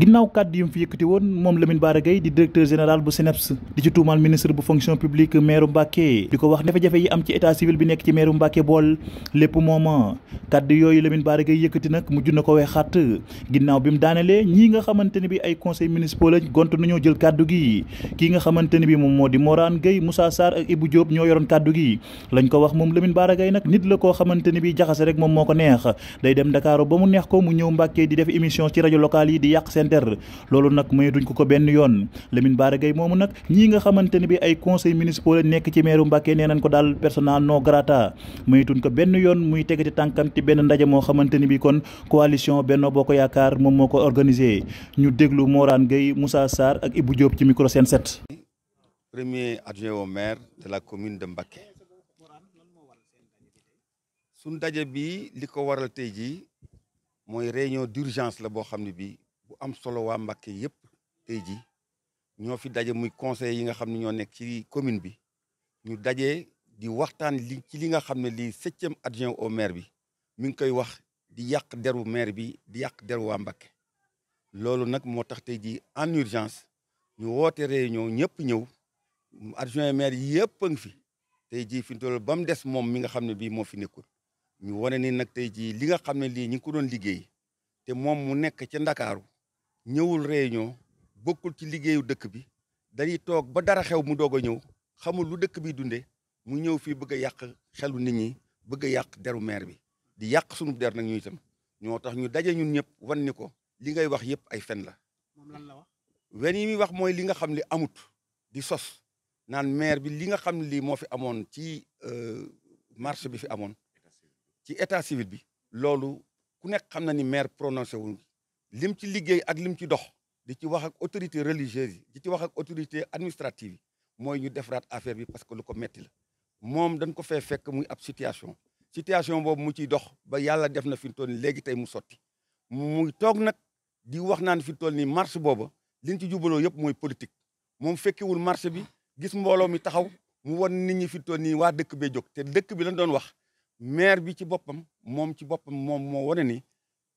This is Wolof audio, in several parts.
ginnaw kaddu yi fi yëkkati woon moom Lamine Bara di directeur général bu SNEIPS di ci tuumaal ministre bu fonction publique maire Mbacké di ko wax jafe-jafe yi am ci état civil bi nekk ci maire Mbacké bool lépp mooma kaddu yooyu Lamine Bara Gaye yëkkati nag ko ginnaaw bi mu ñii nga xamante bi ay conseil municipal lañ gont nañoo jël kaddu gi ki nga xamante bi moom moo di Morane gay Moussa sar ak Ibou Diop ñoo yoroon kaddu gi lañ ko wax moom Lamine Bara Gaye nag nit la koo xamante bi jaxase rek moom moo neex day dem ba mu neex ko mu ñëw Mbacké di def émission ci rajo locale yi di yàq seen der loolu nag may duñ ko ko benn yoon Lamine Bara Gaye moomu nag ñii nga xamante ne bi ay conseil municipal la nekk ci meeru Mbàkke nee nañ ko daal personnel non grata may duñ ko benn yoon muy tegati tànkam ci benn ndaje moo xamante ni bi kon coalition Benno ko Yaakaar moom moo ko organisé ñu déglu moraan Gueye Moussa saar ak Ibou Diop ci micro seen set premier adjoint au maire de la commune de Mbacké su ndaje bi li ko waral tey jii mooy réunion d'urgence la boo xam ne bii am solo wa Mbacké yëpp tey ji ñoo fi muy conseil yi nga xamni ne ñoo nekk ci commune bi ñu dajé di waxtaan li ci li nga xam li 7 septième adjoint au maire bi mi ngi koy wax di yak deru maire bi di yak deru wa Mbacké lolu nak moo tax tey en urgence ñu woté réunion ñepp ñew adjoint maire yi ngi fi tey jii fi toll ba mu des mi nga xam bi mo fi nekkul ñu woné ni nak tey li nga xam li ñi ko doon liggéey te mom mu nekk ci Ndakaaru ñëwul réunion bokkul ci liggéeyu dëkk bi dañuy toog ba dara xew mu doog a ñëw xamul lu dëkk bi dunde mu ñëw fii bëgg a yàq xelu nit ñi bëgg a yàq deru maire bi di yàq sunu der nag ñu itam ñoo tax ñu daje ñun ñëpp wan ni ko li ngay wax yëpp ay fen la. lan la wax. yi muy wax mooy li nga xam ne amut di sos naan maire bi li nga xam ne lii moo fi amoon ci euh, marché bi fi amoon ci état civil bi. loolu ku nekk xam na ni maire prononcé wu lim ci liggéey ak lim ci dox di ci wax ak autorité religieuse di ci wax ak autorité administrative moy mooy ñu defaraat affaire bi parce que lu ko metti la mom dañ ko fee fekk muy ab situation situation bobu mu ci dox ba yalla def na fi mu toll tay léegi tey mu sotti muy di wax naan fi mu marche bobu liñ ci yep moy politique fekki wul marche bi gis mbolo mi taxaw mu won nit ñi fi mu toll nii waa dëkk bee te dekk bi lañ doon wax maire bi ci bopam mom ci bopam mom mo wane ni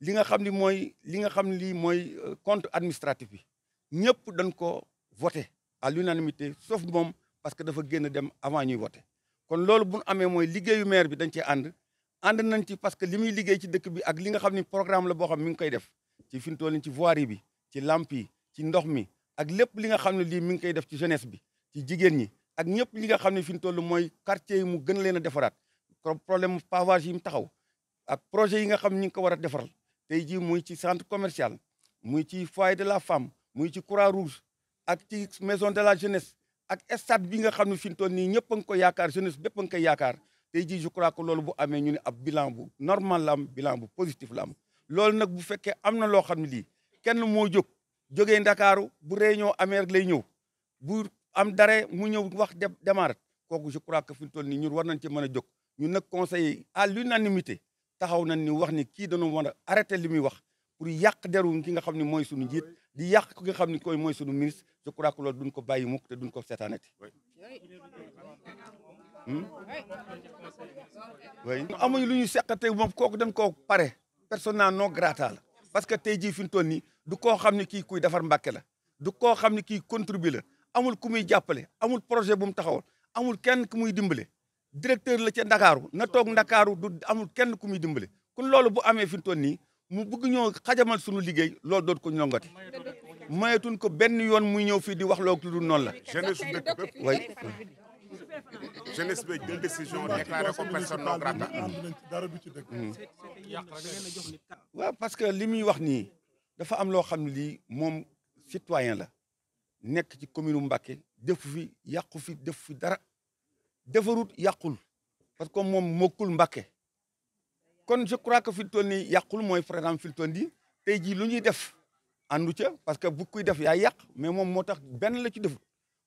li nga xam ni mooy li nga xam ni mooy euh, compte administratif bi ñëpp dañ ko voté à l'unanimité sauf moom parce que dafa génn dem avant ñuy voté kon loolu bu ñu amee mooy liggéeyu maire bi dañ cee ànd ànd nañ ci parce que li muy liggéey ci dëkk bi ak li nga xam ni programme la boo xam mi ngi koy def ci fi mu toll ci voirie bi ci lamp yi ci ndox mi ak lépp li nga xam ne lii mi ngi koy def ci jeunesse bi ci jigéen ñi ak ñëpp li nga xam ne fi mu toll mooy quartier mu gën leen a defaraat problème pavage yi mu taxaw ak projet yi nga xam ni ngi ko war a defaral tey jii muy ci centre commercial muy ci foyer de la femme muy ci croix rouge ak ci maison de la jeunesse ak stade bi nga xam ne fi mu toll nii ñëpp a ngi ko yaakaar jeunesse bépp a ngi koy yaakaar je crois que loolu bu amee ñu ne ab bilan bu normal la am bilan bu positif la am loolu nag bu fekkee am na loo xam ne lii kenn moo jóg jógee Dakar bu réunion amee rek lay ñëw bu am dare mu ñëw wax démarrer kooku je crois que fi mu toll nii ñun war nañ ci mën a ñun nag conseil à l'unanimité taxaw nañ ni wax ni kii dañoo war a arrêté li muy wax pour yàq deru ki nga xam ne mooy suñu njiit di yàq ki nga xam ne koy mooy sunu ministre je crois que duñ ko bàyyi mukk te duñ ko seetaanati hmm? oui amuñu lu ñu seqate moom kooku dañ koo pare persona non grata la parce que tey jii fi mu toll nii du koo xam ne kii kuy defar Mbàkke la du koo xam ne kii contribue la amul ku muy jàppale amul projet bu mu taxawal amul kenn ku muy dimbale directeur la ca ndakaaru na toog ndakaaru du amul kenn ku muy dimbale kon loolu bu amee fi mu toll nii mu bëgg ñoo xajamal suñu liggéey loolu doot ko ñongati mayatuñ ko benn yoon muy ñëw fii di wax loo lu dul noonu la. jeunesse su dëkk bépp oui. jeunesse bi jël décision déclaré mm. parce que li muy wax nii dafa am loo xam ne lii moom citoyen la nekk ci commune Mbacké def fi yàqu fi def fi dara. defarut yàqul parce que moom mokkul mbake kon je crois que fi mu nii yàqul mooy par exemple fi mu toll nii tey jii lu ñuy def àndu ca parce que bu kuy def yaa yàq mais moom moo tax benn la ci defut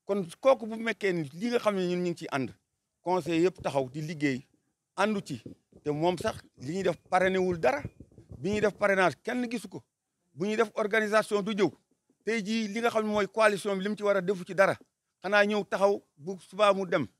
kon kooku bu mekkee ni li nga xam ne ñun ñu ngi ciy ànd conseil yëpp taxaw di liggéey àndu ci te moom sax li ñuy def parrainé wul dara bi ñuy def parrainage kenn gisu ko bu ñuy def organisation du jëw tey jii li nga xam mooy coalition bi li mu ci war a defu ci dara xanaa ñëw taxaw bu subaa mu dem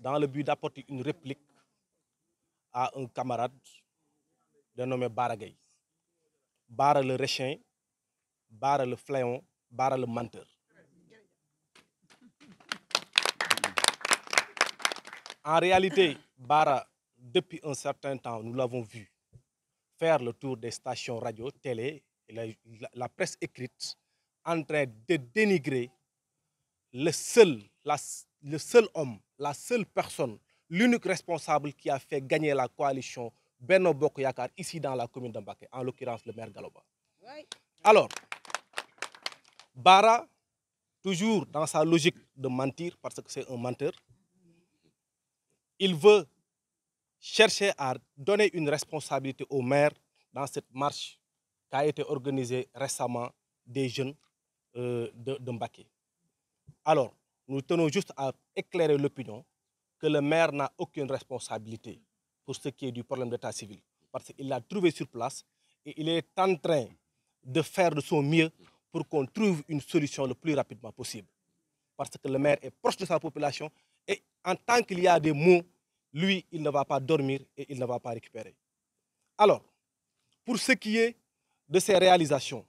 dans le but d'apporter une réplique à un camarade dénommé Baragay. bar le réchin, bar le fléon, bar le menteur. En réalité, Bara, depuis un certain temps, nous l'avons vu faire le tour des stations radio, télé, la, presse écrite, en train de dénigrer le seul, la, le seul homme, la seule personne, l'unique responsable qui a fait gagner la coalition Beno Bokoyakar ici dans la commune de en l'occurrence le maire Galoba. Alors, Bara, toujours dans sa logique de mentir, parce que c'est un menteur, il veut chercher à donner une responsabilité au maire dans cette marche qui a été organisée récemment des jeunes euh, Alors, nous tenons juste à éclairer l'opinion que le maire n'a aucune responsabilité pour ce qui est du problème d'état civil. Parce qu'il l'a trouvé sur place et il est en train de faire de son mieux pour qu'on trouve une solution le plus rapidement possible. Parce que le maire est proche de sa population et en tant qu'il y a des mots, lui, il ne va pas dormir et il ne va pas récupérer. Alors, pour ce qui est de ses réalisations,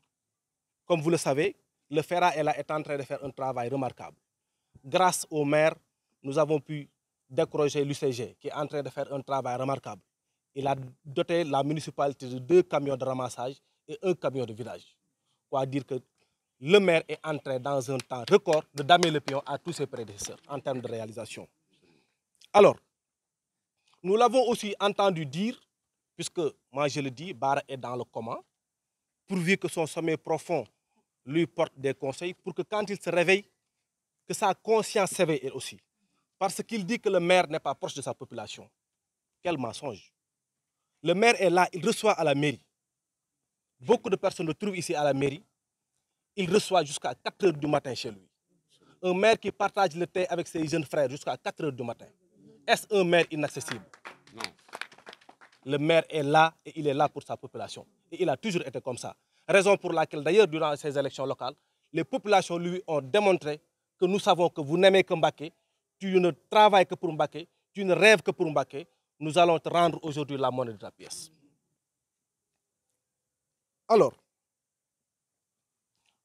comme vous le savez, le FERA est, est en train de faire un travail remarquable grâce au maire, nous avons pu décrocher l'UCG qui est en train de faire un travail remarquable. Il a doté la municipalité de deux camions de ramassage et un camion de village. Quoi dire que le maire est entré dans un temps record, de damer le pion à tous ses prédécesseurs en termes de réalisation. Alors, nous l'avons aussi entendu dire, puisque, moi je le dis, Barre est dans le coma, pourvu que son sommet profond lui porte des conseils pour que quand il se réveille, que sa conscience s'éveille elle aussi. Parce qu'il dit que le maire n'est pas proche de sa population. Quel mensonge. Le maire est là, il reçoit à la mairie. Beaucoup de personnes le trouvent ici à la mairie. Il reçoit jusqu'à 4 heures du matin chez lui. Un maire qui partage le thé avec ses jeunes frères jusqu'à 4 h du matin. Est-ce un maire inaccessible Non. Le maire est là et il est là pour sa population. Et il a toujours été comme ça. Raison pour laquelle, d'ailleurs, durant ces élections locales, les populations, lui, ont démontré que nous savons que vous n'aimez que Mbaké, tu ne travailles que pour Mbaké, tu ne rêves que pour Mbaké, nous allons te rendre aujourd'hui la monnaie de la pièce. Alors,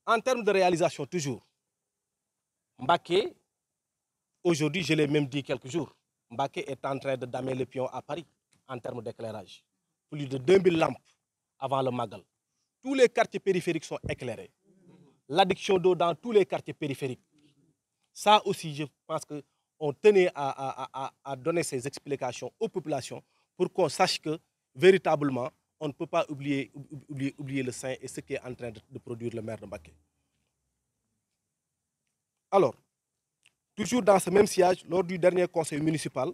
en termes de réalisation, toujours, Mbaké, aujourd'hui, je l'ai même dit quelques jours, Mbaké est en train de damer le pion à Paris en termes d'éclairage. Plus de 2000 lampes avant le Magal. Tous les quartiers périphériques sont éclairés. L'addiction d'eau dans tous les quartiers périphériques ça aussi, je pense qu'on tenait à, donner ces explications aux populations pour qu'on sache que véritablement, on ne peut pas oublier, oublier, le sein et ce qui est en train de, produire le maire de Mbaké. Alors, toujours dans ce même siège, lors du dernier conseil municipal,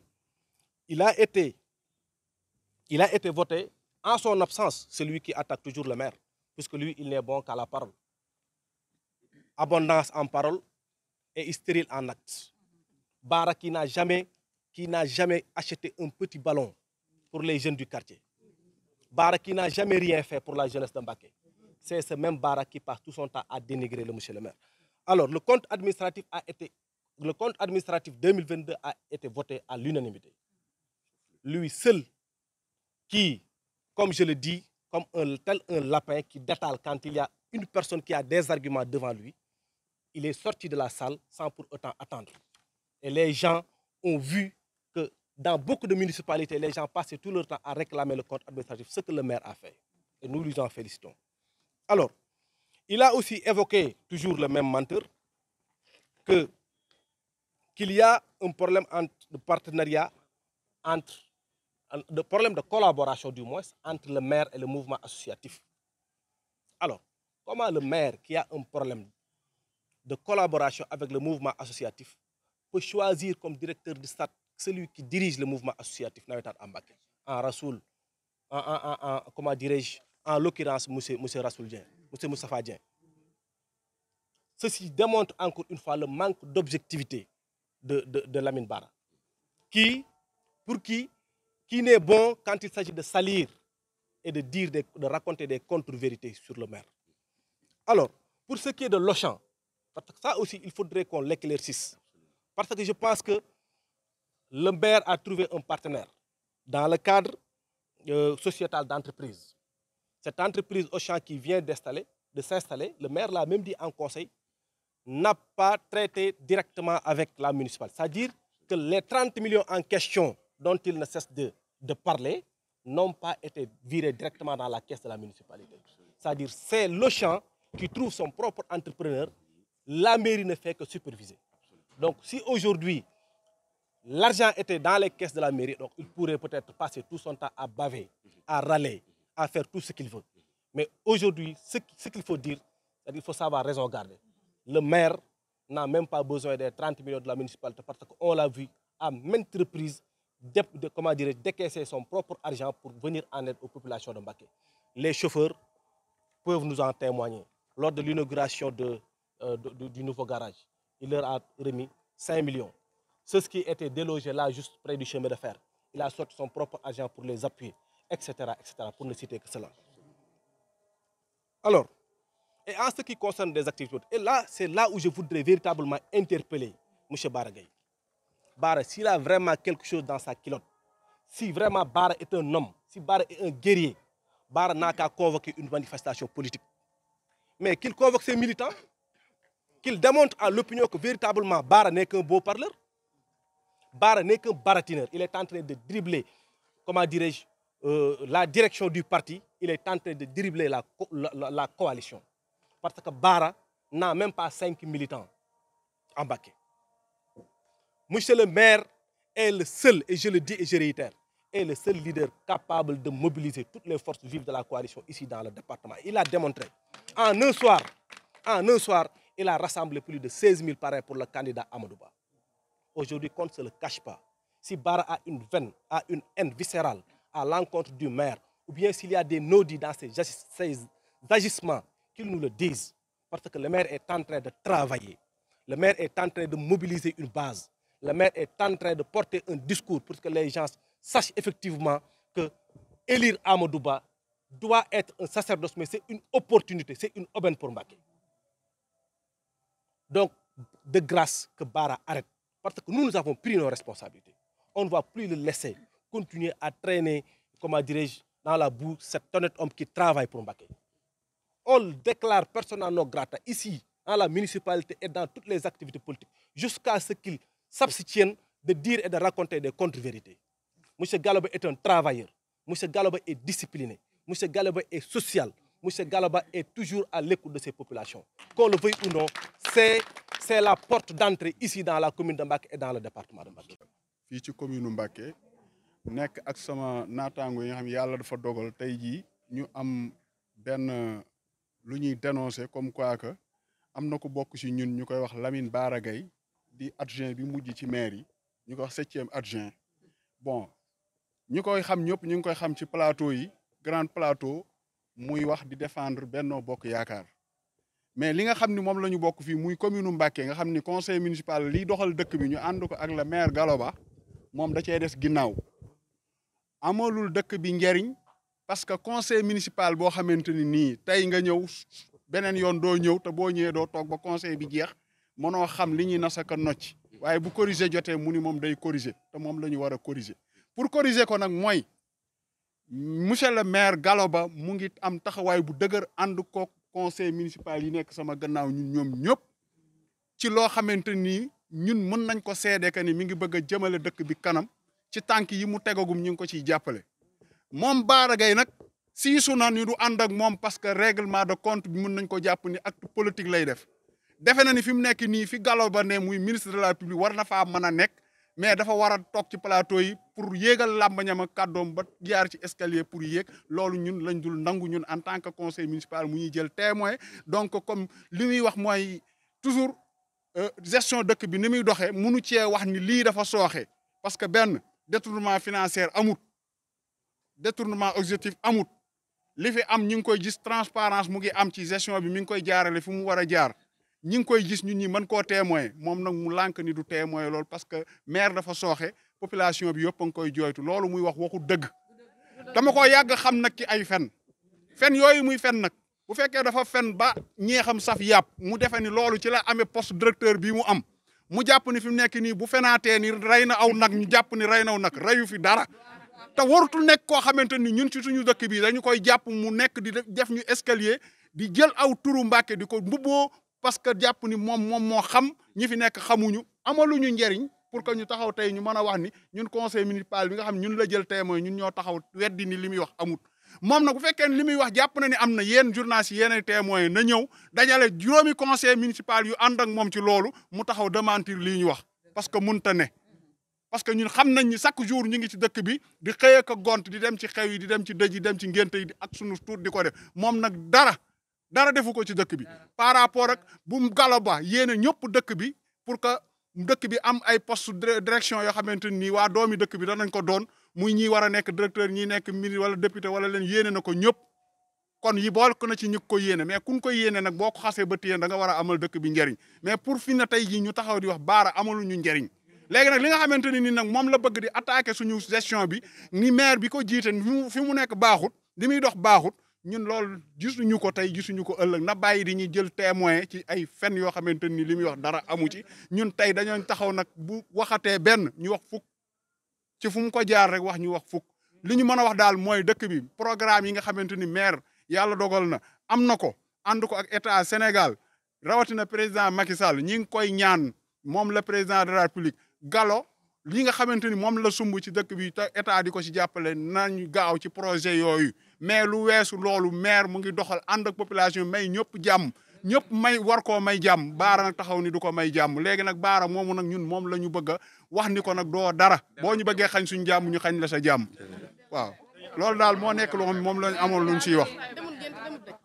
il a été, il a été voté en son absence, celui qui attaque toujours le maire, puisque lui, il n'est bon qu'à la parole. Abondance en parole, et stérile en acte. Bara qui n'a jamais, qui n'a jamais acheté un petit ballon pour les jeunes du quartier. Bara qui n'a jamais rien fait pour la jeunesse d'Ambaké. C'est ce même Bara qui passe tout son temps à dénigrer le monsieur le maire. Alors, le compte administratif a été, le compte administratif 2022 a été voté à l'unanimité. Lui seul qui, comme je le dis, comme un, tel un lapin qui détale quand il y a une personne qui a des arguments devant lui, il est sorti de la salle sans pour autant attendre. Et les gens ont vu que dans beaucoup de municipalités, les gens passaient tout leur temps à réclamer le compte administratif, ce que le maire a fait. Et nous lui en félicitons. Alors, il a aussi évoqué, toujours le même menteur, que qu'il y a un problème de partenariat, entre, de problème de collaboration du moins, entre le maire et le mouvement associatif. Alors, comment le maire qui a un problème de collaboration avec le mouvement associatif peut choisir comme directeur de stade celui qui dirige le mouvement associatif en en Rassoul en en en comment je en l'occurrence monsieur Rassoul monsieur Moussafa ceci démontre encore une fois le manque d'objectivité de de de Lamine qui pour qui qui n'est bon quand il s'agit de salir et de dire de raconter des contre-vérités sur le maire alors pour ce qui est de Lochan ça aussi, il faudrait qu'on l'éclaircisse. Parce que je pense que le maire a trouvé un partenaire dans le cadre euh, sociétal d'entreprise. Cette entreprise Auchan qui vient d'installer, de s'installer, le maire l'a même dit en conseil, n'a pas traité directement avec la municipale. C'est-à-dire que les 30 millions en question dont il ne cesse de, parler n'ont pas été virés directement dans la caisse de la municipalité. C'est-à-dire c'est l'Auchan qui trouve son propre entrepreneur la mairie ne fait que superviser. Donc si aujourd'hui l'argent était dans les caisses de la mairie, donc il pourrait peut-être passer tout son temps à baver, à râler, à faire tout ce qu'il veut. Mais aujourd'hui, ce qu'il faut dire, c'est qu'il faut savoir raison garder. Le maire n'a même pas besoin des 30 millions de la municipalité parce qu'on l'a vu à maintes reprises de, comment dire, décaisser son propre argent pour venir en aide aux populations de Mbaké. Les chauffeurs peuvent nous en témoigner. Lors de l'inauguration de euh, du, nouveau garage. Il leur a remis 5 millions. Ceux qui étaient délogés là, juste près du chemin de fer, il a sorti son propre agent pour les appuyer, etc., etc., pour ne citer que cela. Alors, et en ce qui concerne des activités, et là, c'est là où je voudrais véritablement interpeller M. Baragay. Barra, s'il a vraiment quelque chose dans sa culotte, si vraiment Barra est un homme, si Barra est un guerrier, Barra n'a qu'à convoquer une manifestation politique. Mais qu'il convoque ses militants, qu'il démontre à l'opinion que véritablement Bara n'est qu'un beau parleur. Bara n'est qu'un baratineur. Il est en train de dribbler, comment dirais-je, euh, la direction du parti. Il est en train de dribbler la, coalition. Parce que Bara n'a même pas cinq militants en baquet Monsieur le maire est le seul, et je le dis et je réitère, est le seul leader capable de mobiliser toutes les forces vives de la coalition ici dans le département. Il a démontré en un soir, en un soir, il a rassemblé plus de 16 000 parrains pour le candidat Amadouba. Aujourd'hui, qu'on ne se le cache pas, si Bara a une veine, a une haine viscérale à l'encontre du maire, ou bien s'il y a des nodis dans agissements, qu'il nous le disent, parce que le maire est en train de travailler, le maire est en train de mobiliser une base, le maire est en train de porter un discours pour que les gens sachent effectivement que élire Amadouba doit être un sacerdoce, mais c'est une opportunité, c'est une aubaine pour Mbaké. Donc, de grâce que Bara arrête. Parce que nous, nous avons pris nos responsabilités. On ne va plus le laisser continuer à traîner, comment dirais-je, dans la boue cet honnête homme qui travaille pour Mbaké. On déclare personnellement non ici, dans la municipalité et dans toutes les activités politiques, jusqu'à ce qu'il s'abstienne de dire et de raconter des contre-vérités. M. Galoba est un travailleur. M. Galoba est discipliné. M. Galoba est social. M. Galoba est toujours à l'écoute de ses populations. Qu'on le veuille ou non, c'est c'est la porte d'entrée ici dans la commune de Mbaké et dans le département de Mbaké. fii ci commune u Mbacké nekk ak sama naataango yi nga xam yalla dafa dogal tay ji ñu am ben lu ñuy dénoncer comme quoi que amna ko bok ci ñun ñukoy wax Lamine Baragay di adjoint bi mujj ci maire yi ñu wax 7e adjoint bon ñukoy xam ñop ñu ngi koy xam ci plateau yi grand plateau muy wax di défendre Benno bok Yaakaar mais li nga xam ni moom la ñu bokk fii muy commune Mbacké nga xam ni conseil municipal li doxal dëkk bi ñu ànd ko ak le maire Galoba moom da cee des ginnaaw amalul dëkk bi njariñ parce que conseil municipal boo xamante ni nii tey nga ñëw beneen yoon doo ñëw te boo ñëwee doo toog ba conseil bi jeex mënoo xam li ñuy nasa ka nocc waaye bu corriger jotee mu ni moom day corriger te moom la ñu war a corriger pour corriger ko nag mooy monsieur le maire Galoba mu ngi am taxawaay bu dëgër ànd kook conseil municipal yi nekk sama gannaaw ñun ñoom ñëpp ci loo xamante ni ñun mën nañ ko seede que ni mi ngi bëgg a jëmale dëkk bi kanam ci tànk yi mu tegagum ñu ngi ko ciy jàppale. moom Bara Gaye nag siisu na ni du ànd ak moom parce que réglement de compte bi mën nañ ko jàpp ni acte politique lay def defe na ni fi mu nekk nii fi Gallo Ba ne muy ministre de la République war na faa mën a nekk. mais dafa wara tok ci plateau yi pour yegal làmbañam ak kàddoom ba diar ci escalier pour yek loolu ñun lañ dul nangu ñun en tant que conseil municipal mu ñuy jël témoin donc comme li muy wax moy toujours euh, gestion dëkk bi ni muy doxee munu ci wax ni li dafa soxé parce que ben détournement financier amut détournement objectif amut li fi am ñing koy gis transparence mu ngi am ci gestion bi mi ngi koy jaarale fu mu wara jaar ñi ngi koy gis ñu ñi mën koo témoin moom nag mu lànk ni du témoin loolu parce que maire dafa sooxe population bi yëpp a ngi koy jooytu loolu muy wax waxu dëgg tama ko yàgg xam nag ci ay fen fen yooyu muy fen nag bu fekkee dafa fen ba ñeexam saf yàpp mu defe ni loolu ci la amee post directeur bi mu am mu jàpp ni fi mu nekk nii bu fenaatee ni rey na aw nag ñu jàpp ni rey naw nag reyu fi dara te warutul nekk koo xamante ni ñun ci suñu dëkk bi dañu koy jàpp mu nekk di def ñu escalier di jël aw turu Mbàkke di ko mbubboo parce que japp ni mom mom mo xam ñi fi nek xamuñu amaluñu njëriñ pour que ñu taxaw tay ñu mëna wax ni ñun conseil municipal bi nga xam ñun la jël témoin ñun ñoo taxaw wedd ni limi wax amut mom nak bu fekkee limi wax japp na ni amna yeen journaliste yeen yi témoin na ñew dajale juroomi conseil municipal yu and ak mom ci lolu mu taxaw démentir li ñu wax parce que ta ne parce que ñun xam nañ ni chaque jour ñu ngi ci dëkk bi di xëy ak gont di dem ci xew yi di dem ci dëj yi dem ci ngent yi ak sunu tour di ko def mom nak dara dara defu ko ci dëkk bi par rapport ak bu Gallo Ba yéene ñëpp dëkk bi pour que dëkk bi am ay poste direction yoo xamante nii waa doomi dëkk bi danañ ko doon muy ñi war a nekk directeur ñi nekk ministre wala député wala leen yéene na ko ñëpp kon yi bool ko na ci ñu ko yéene mais kun ko yéene nag boo ko xasee ba téye da nga war a amal dëkk bi njëriñ mais pur fi tey jii ñu taxaw di wax baara amalu ñu njëriñ léegi nag li nga xamante ne ni nag moom la bëgg di attaquer suñu gestion bi ni maire bi ko jiite fi mu nekk baaxut li muy dox ñun loolu gisuñu ko tey gisuñu ko ëllëg na bàyyi di jël témoin ci ay fen yoo xamante ni li muy wax dara amu ci ñun tey dañoo taxaw nag bu waxatee benn ñu wax fukk ci fum ko jaar rek wax ñu wax fukk li ñu mën a wax daal mooy dëkk bi programme yi nga xamante ni maire yàlla dogal na am na ko ànd ko ak état Sénégal rawatina président Macky Sall ñi ngi koy ñaan moom la président de la République galo li nga xamante ni moom la sumb ci dëkk bi te état di ko ci jàppale nañu gaaw ci projet yooyu mais lu weesu loolu maire mu ngi doxal ànd ak population may ñëpp jàmm ñëpp may war koo may jàmm baara nag taxaw ni du ko may jàmm léegi nag baara moomu nag ñun moom la ñu bëgg wax ni ko nag doo dara boo ñu bëggee xañ suñu jàmm ñu xañ la sa jàmm waaw loolu daal moo nekk loo xam moom lañ amoon luñ siy wax